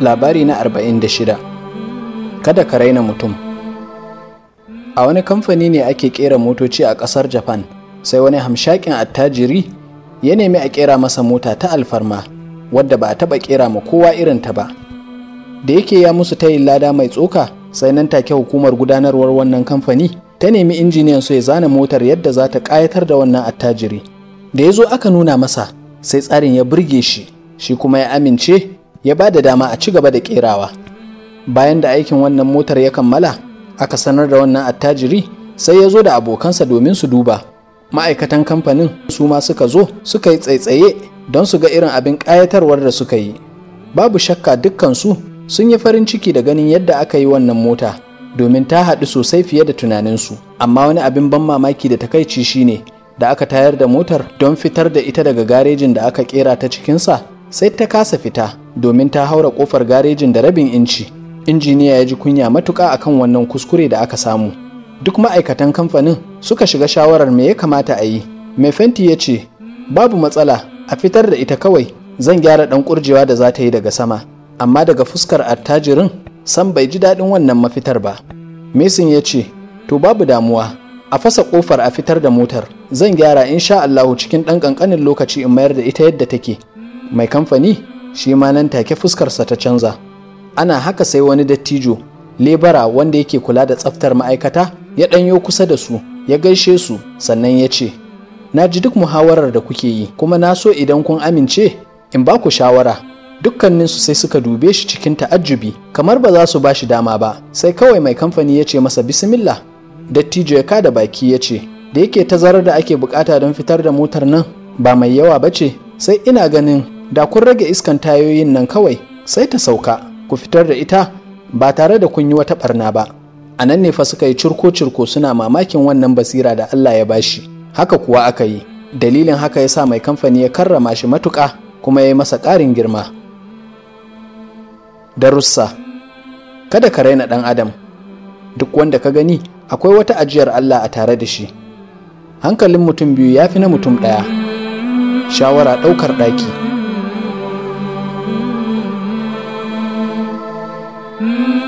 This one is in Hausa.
labari na 46 kada ka raina mutum a wani kamfani ne ake kera motoci a kasar japan sai wani hamshakin attajiri ya nemi a kera masa mota ta alfarma wadda ba a taba kera ma kowa irin ta ba da yake ya musu tayin lada mai tsoka sai nan take hukumar gudanarwar wannan kamfani ta nemi injiniyan su ya zana motar yadda za ta kayatar da wannan attajiri da ya zo aka nuna masa sai tsarin ya burge shi shi kuma ya amince ya ba da dama a ci gaba da kerawa bayan da aikin wannan motar ya kammala aka sanar da wannan attajiri sai ya zo da abokansa domin su duba ma'aikatan kamfanin su ma suka zo suka yi tsaitsaye don su ga irin abin ƙayatarwar da suka yi babu shakka dukkansu sun yi farin ciki da ganin yadda aka yi wannan mota domin ta haɗu sosai fiye da tunaninsu amma wani abin ban mamaki da takaici shine da aka tayar da motar don fitar da ita daga garejin da aka kera ta cikinsa sai ta kasa fita domin ta haura kofar garejin da rabin inci injiniya ya ji kunya matuƙa akan wannan kuskure da aka samu duk ma'aikatan kamfanin suka shiga shawarar me ya kamata a yi mai fenti ya ce babu matsala a fitar da ita kawai zan gyara ɗan kurjewa da za ta yi daga sama amma daga fuskar attajirin san bai ji daɗin wannan mafitar ba mason ya ce to babu damuwa a fasa kofar a fitar da motar zan gyara insha Allahu cikin ɗan ƙanƙanin lokaci in mayar da ita yadda take mai kamfani shi ma nan take fuskarsa ta canza ana haka sai wani dattijo lebara wanda yake kula da tsaftar ma'aikata ya ɗanyo kusa da su ya gaishe su sannan ya ce na ji duk muhawarar da kuke yi kuma na so idan kun amince in ba ku shawara dukkaninsu sai suka dube shi cikin ta'ajjubi kamar ba za su ba shi dama ba sai kawai mai kamfani ya ce masa bismillah dattijo ya kada baki ya ce da yake tazarar da ake bukata don fitar da motar nan ba mai yawa ba ce sai ina ganin da kun rage iskan tayoyin nan kawai sai ta sauka ku fitar da ita ba tare da kun yi wata barna ba a nan ne fa suka yi cirko curko suna mamakin wannan basira da Allah ya bashi haka kuwa aka yi dalilin haka ya sa mai kamfani ya karrama shi matuƙa kuma ya yi masa ƙarin girma darussa kada ka raina ɗan adam duk wanda ka gani akwai wata ajiyar Allah a tare da shi hankalin mutum biyu ya fi na mutum ɗaya shawara ɗaukar ɗaki Mm.